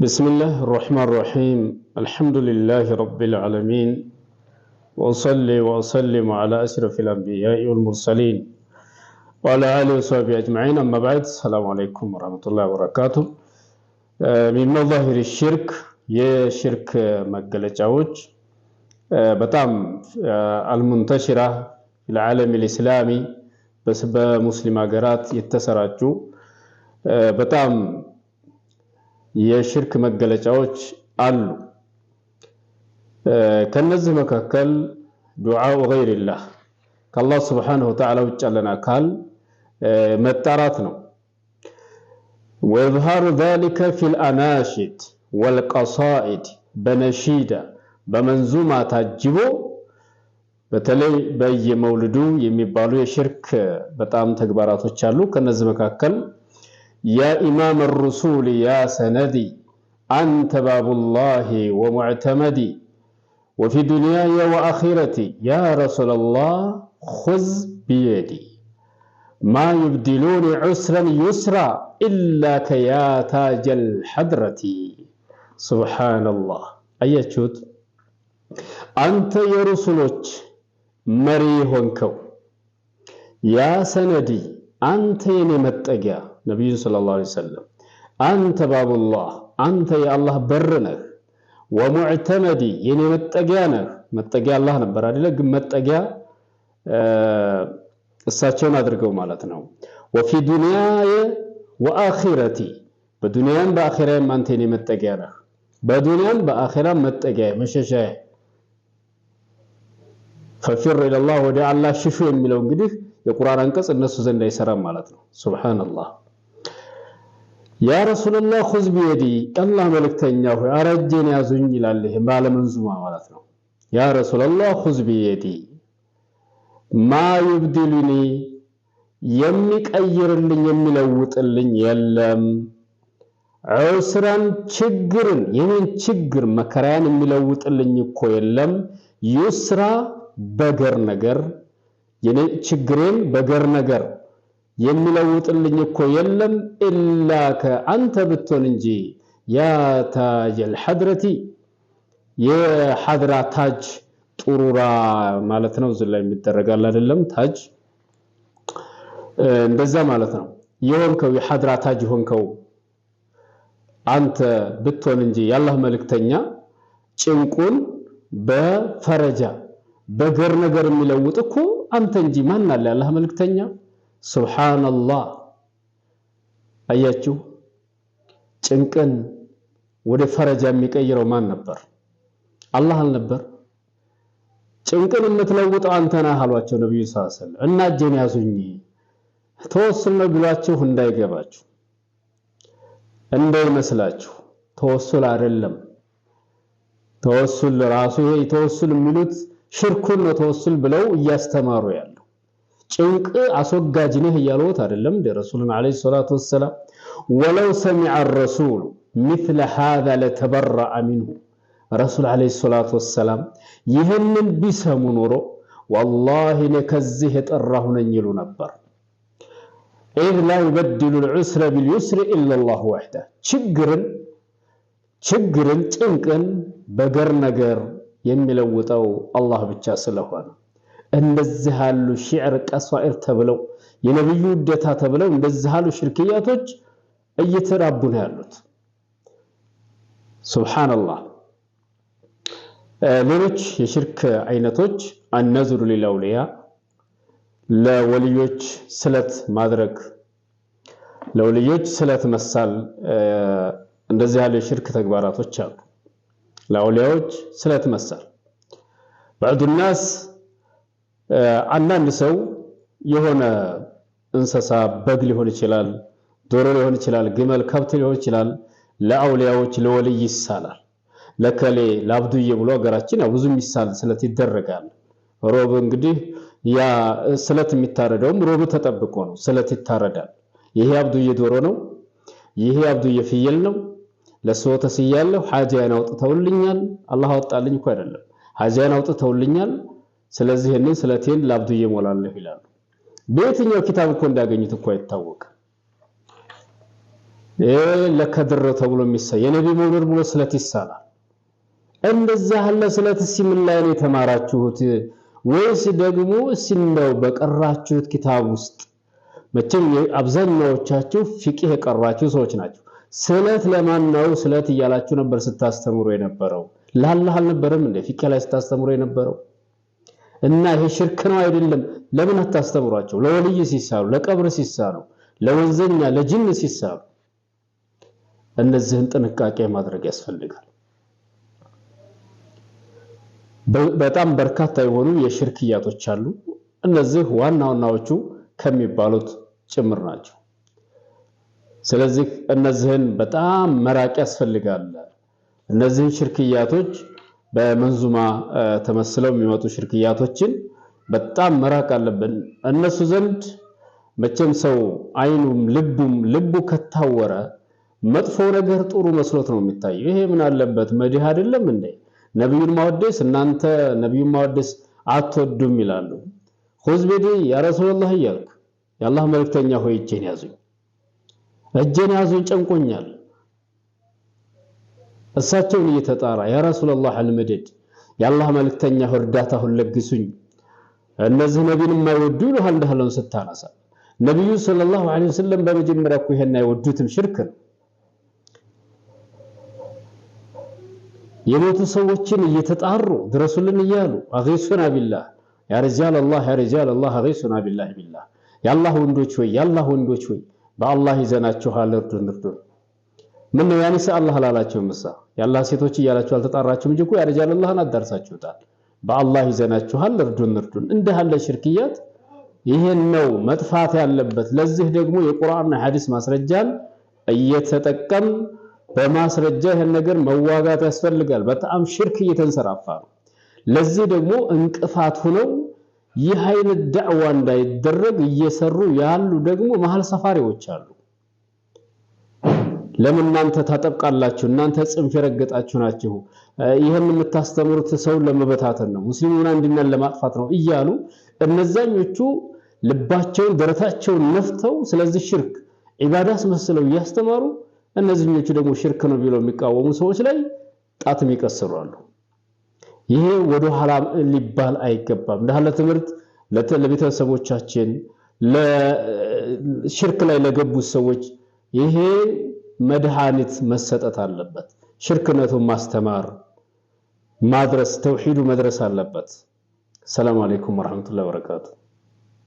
بسم الله الرحمن الرحيم الحمد لله رب العالمين وأصلي وأسلم على أشرف الأنبياء والمرسلين وعلى آله وصحبه أجمعين أما بعد السلام عليكم ورحمة الله وبركاته من مظاهر الشرك የሽርክ المنتشرة في العالم الإسلامي بسبب በሙስሊም ሀገራት የተሰራጩ በጣም የሽርክ መገለጫዎች አሉ። ከነዚህ መካከል ዱዓኡ ገይሪላህ ከአላህ ስብሓነሁ ወተዓላ ውጭ ያለን አካል መጣራት ነው። ወኢዝሃሩ ዛሊከ ፊል አናሺድ ወልቀሳኢድ በነሺዳ በመንዙማ ታጅቦ በተለይ በየመውልዱ የሚባሉ የሽርክ በጣም ተግባራቶች አሉ። ከነዚህ መካከል يا إمام الرسول يا سندي أنت باب الله ومعتمدي وفي دنياي وآخرتي يا رسول الله خذ بيدي ما يبدلون عسرا يسرا إلا كيا تاج الحضرة سبحان الله أيشوت أنت يا رسولك مري هنكو يا سندي أنت يا ነቢዩ ሰለላሁ ዐለይሂ ወሰለም አንተ ባቡላህ አንተ የአላህ በር ነህ፣ ወሙዕተመዲ የኔ መጠጊያ ነህ። መጠጊያ አላህ ነበር አይደለ? ግን መጠጊያ እሳቸውን አድርገው ማለት ነው። ወፊ ዱንያየ ወአኺረቲ በዱንያም በአኺራም አንተ የኔ መጠጊያ ነህ። በዱንያም በአኺራም መጠጊያ መሸሻዬ። ፈፊር ኢለላህ ወደ አላህ ሽሹ የሚለው እንግዲህ የቁርአን አንቀጽ እነሱ ዘንድ አይሰራም ማለት ነው። ሱብሃነላህ ያ ረሱልላህ ሁዝ ቢየዲ አላህ መልእክተኛ ሆይ አረጀን ያዙኝ ይላል። ይሄ ባለመንዙማ ማለት ነው። ያ ረሱልላህ ሁዝ ቢየዲ ማ ዩብድሉኒ የሚቀይርልኝ የሚለውጥልኝ የለም። ዑስራን ችግርን የኔን ችግር መከራያን የሚለውጥልኝ እኮ የለም። ዩስራ በገር ነገር የኔ ችግሬን በገር ነገር የሚለውጥልኝ እኮ የለም ኢላ ከአንተ ብትሆን እንጂ ያ ታጀል ሐድረቲ የሐድራ ታጅ ጡሩራ ማለት ነው። እዚህ ላይ የሚደረጋል አይደለም ታጅ እንደዛ ማለት ነው። የሆንከው የሐድራ ታጅ የሆንከው አንተ ብትሆን እንጂ የአላህ መልእክተኛ ጭንቁን በፈረጃ በገር ነገር የሚለውጥ እኮ አንተ እንጂ ማን አለ? የአላህ መልእክተኛ ሱብሓነላህ አያችሁ ጭንቅን ወደ ፈረጃ የሚቀይረው ማን ነበር አላህ አልነበር ጭንቅን የምትለውጠው አንተ ነህ አሏቸው ነብዩ ሰለላሁ ዐለይሂ ወሰለም እና እጄን ያዙኝ ተወሱል ነው ብሏችሁ እንዳይገባችሁ እንዳይመስላችሁ ተወሱል አይደለም ተወሱል ራሱ ተወሱል የሚሉት ሽርኩን ነው ተወሱል ብለው እያስተማሩ ያለ ጭንቅ አስወጋጅ ነህ እያሉት አይደለም እንደ ረሱልን ዓለይሂ ሰላቱ ወሰላም ወለው ሰሚዐ ረሱሉ ሚስለ ሃዛ ለተበረአ ሚንሁ ረሱል ዓለይሂ ሰላቱ ወሰላም ይህንን ቢሰሙ ኖሮ ወላሂ እኔ ከዚህ የጠራሁ ነኝ ይሉ ነበር። ኢዝ ላ ዩበድሉ ልዑስረ ቢልዩስሪ ኢለላሁ ወሕደ ችግርን ችግርን ጭንቅን በገር ነገር የሚለውጠው አላህ ብቻ ስለሆነ እንደዚህ ያሉ ሺዕር ቀሷኢር ተብለው የነብዩ ውዴታ ተብለው እንደዚህ ያሉ ሽርክያቶች እየተራቡ ነው ያሉት። ሱብሃንአላህ። ሌሎች የሽርክ አይነቶች አነዙሩ ሊላውሊያ ለወልዮች ስለት ማድረግ፣ ለወልዮች ስለት መሳል፣ እንደዚህ ያሉ የሽርክ ተግባራቶች አሉ። ለአውሊያዎች ስለት መሳል ባዕዱ ናስ አንዳንድ ሰው የሆነ እንስሳ በግ ሊሆን ይችላል፣ ዶሮ ሊሆን ይችላል፣ ግመል፣ ከብት ሊሆን ይችላል። ለአውሊያዎች ለወልይ ይሳላል። ለከሌ ለአብዱዬ ብሎ ሀገራችን ያው ብዙ ስለት ይደረጋል። ሮብ እንግዲህ ያ ስለት የሚታረደውም ሮብ ተጠብቆ ነው። ስለት ይታረዳል። ይሄ አብዱዬ ዶሮ ነው፣ ይሄ አብዱዬ ፍየል ነው፣ ለሰው ተስያለሁ፣ ሐጃዬን አውጥተውልኛል። አላህ አወጣልኝ እኮ አይደለም፣ ሐጃዬን አውጥተውልኛል ስለዚህ ይህንን ስለቴን ላብዱዬ እሞላለሁ ይላሉ። በየትኛው ኪታብ እኮ እንዳገኙት እኮ አይታወቅም። ለከድር ተብሎ የሚሳ የነቢ መውለድ ብሎ ስለት ይሳላል። እንደዚህ ያለ ስለት እስኪ ምን ላይ ነው የተማራችሁት? ወይስ ደግሞ ሲለው በቀራችሁት ኪታብ ውስጥ መቼም አብዛኛዎቻችሁ ፊቅህ የቀራችሁ ሰዎች ናቸው። ስለት ለማን ነው ስለት እያላችሁ ነበር ስታስተምሩ የነበረው? ላላህ አልነበረም እንደ ፊቅህ ላይ ስታስተምሩ የነበረው እና ይሄ ሽርክ ነው አይደለም? ለምን አታስተምሯቸው? ለወልይ ሲሳሉ፣ ለቀብር ሲሳሉ፣ ለወንዘኛ ለጅን ሲሳሉ፣ እነዚህን ጥንቃቄ ማድረግ ያስፈልጋል። በጣም በርካታ የሆኑ የሽርክያቶች አሉ። እነዚህ ዋና ዋናዎቹ ከሚባሉት ጭምር ናቸው። ስለዚህ እነዚህን በጣም መራቅ ያስፈልጋል። እነዚህን ሽርክያቶች በመንዙማ ተመስለው የሚመጡ ሽርክያቶችን በጣም መራቅ አለብን። እነሱ ዘንድ መቼም ሰው አይኑም ልቡም ልቡ ከታወረ መጥፎ ነገር ጥሩ መስሎት ነው የሚታየው። ይሄ ምን አለበት መዲህ አይደለም እንዴ? ነቢዩን ማወደስ እናንተ ነቢዩን ማወደስ አትወዱም ይላሉ። ሁዝ ቤዲ ያ ረሱላህ እያልክ የአላህ ሆይ እጄን ያዙኝ፣ እጄን ያዙኝ ጨንቆኛል እሳቸውን እየተጣራ ያ ረሱላህ አልመደድ የአላህ መልእክተኛ እርዳታ ሁን ለግሱኝ፣ እነዚህ ነቢን የማይወዱ ይልሃል እንዳለን ስታነሳ ነቢዩ ሰለላሁ ዐለይሂ ወሰለም በመጀመሪያ እኮ ይሄን አይወዱትም፣ ሽርክ ነው። የሞቱ ሰዎችን እየተጣሩ ድረሱልን እያሉ አገይሱና ቢላህ ያ ሪጃለላህ ያ ሪጃለላህ አገይሱና ቢላህ ቢላህ የአላህ ወንዶች ወይ የአላህ ወንዶች ወይ በአላህ ይዘናችኋል፣ እርዱን እርዱን። ምን ነው ያንስ አላህ አላላቸውም እሳ የአላህ ሴቶች እያላችሁ አልተጣራችሁም እንጂ እኮ ያረጃለላህን አዳርሳችሁታል። በአላህ ይዘናችኋል። እርዱን እርዱን። እንዲህ ያለ ሽርክያት ይሄን ነው መጥፋት ያለበት። ለዚህ ደግሞ የቁርአንና ሐዲስ ማስረጃን እየተጠቀም በማስረጃ ይሄን ነገር መዋጋት ያስፈልጋል። በጣም ሽርክ እየተንሰራፋ ነው። ለዚህ ደግሞ እንቅፋት ሆነው ይህ አይነት ዳዕዋ እንዳይደረግ እየሰሩ ያሉ ደግሞ መሀል ሰፋሪዎች አሉ። ለምን እናንተ ታጠብቃላችሁ? እናንተ ጽንፍ የረገጣችሁ ናችሁ። ይህን የምታስተምሩት ሰውን ለመበታተን ነው፣ ሙስሊሙን አንድነት ለማጥፋት ነው እያሉ እነዛኞቹ ልባቸውን ደረታቸውን ነፍተው ስለዚህ ሽርክ ዒባዳ አስመስለው እያስተማሩ እነዚህኞቹ ደግሞ ሽርክ ነው ብለው የሚቃወሙ ሰዎች ላይ ጣትም ይቀስራሉ። ይሄ ወደ ኋላ ሊባል አይገባም። ለሐለ ትምህርት ለቤተሰቦቻችን፣ ለሽርክ ላይ ለገቡት ሰዎች ይሄ መድኃኒት መሰጠት አለበት። ሽርክነቱን ማስተማር ማድረስ፣ ተውሂዱ መድረስ አለበት። ሰላም አለይኩም ወራህመቱላሂ ወበረካቱ።